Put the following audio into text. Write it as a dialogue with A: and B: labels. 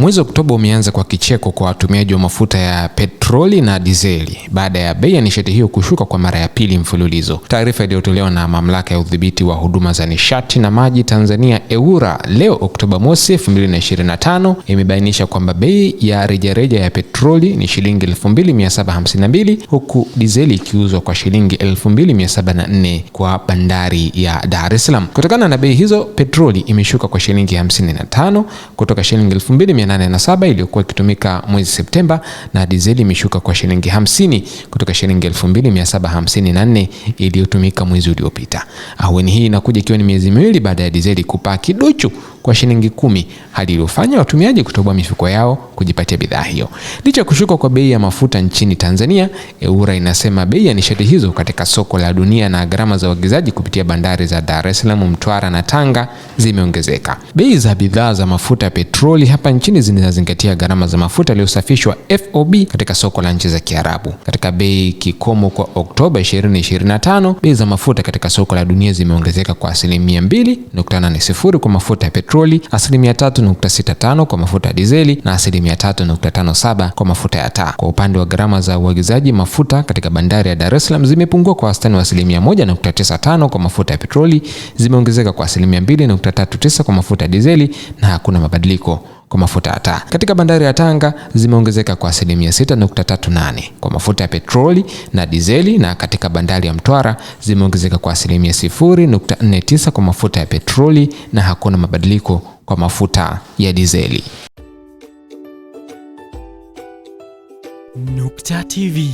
A: Mwezi Oktoba umeanza kwa kicheko kwa watumiaji wa mafuta ya petroli na dizeli baada ya bei ya nishati hiyo kushuka kwa mara ya pili mfululizo. Taarifa iliyotolewa na Mamlaka ya Udhibiti wa Huduma za Nishati na Maji Tanzania EWURA leo Oktoba mosi 2025 imebainisha kwamba bei ya rejareja ya petroli ni shilingi 2752 huku dizeli ikiuzwa kwa shilingi 2704 kwa bandari ya Dar es Salaam. Kutokana na bei hizo, petroli imeshuka kwa shilingi 55 kutoka shilingi 847 iliyokuwa ikitumika mwezi Septemba, na dizeli imeshuka kwa shilingi 50 kutoka shilingi 2754 iliyotumika mwezi uliopita. Ahueni hii inakuja ikiwa ni miezi miwili baada ya dizeli kupaa kiduchu kwa shilingi kumi, hali iliyofanya watumiaji kutoboa mifuko yao kujipatia bidhaa hiyo. Licha ya kushuka kwa bei ya mafuta nchini Tanzania, EWURA inasema bei ya nishati hizo katika soko la dunia na gharama za uagizaji kupitia bandari za Dar es Salaam, Mtwara na Tanga zimeongezeka. Bei za bidhaa za mafuta ya petroli hapa nchini zinazingatia gharama za mafuta yaliyosafishwa FOB katika soko la nchi za Kiarabu. Katika bei kikomo kwa Oktoba 2025, bei za mafuta katika soko la dunia zimeongezeka kwa asilimia 2.80 kwa mafuta ya petroli petroli, asilimia 3.65 kwa mafuta ya dizeli na asilimia 3.57 kwa mafuta ya taa. Kwa upande wa gharama za uagizaji mafuta katika bandari ya Dar es Salaam zimepungua kwa wastani wa asilimia 1.95 kwa mafuta ya petroli, zimeongezeka kwa asilimia 2.39 kwa mafuta ya dizeli na hakuna mabadiliko kwa mafuta ya taa katika bandari ya Tanga zimeongezeka kwa asilimia 6.38 kwa mafuta ya petroli na dizeli, na katika bandari ya Mtwara zimeongezeka kwa asilimia 0.49 kwa mafuta ya petroli na hakuna mabadiliko kwa mafuta ya dizeli. Nukta TV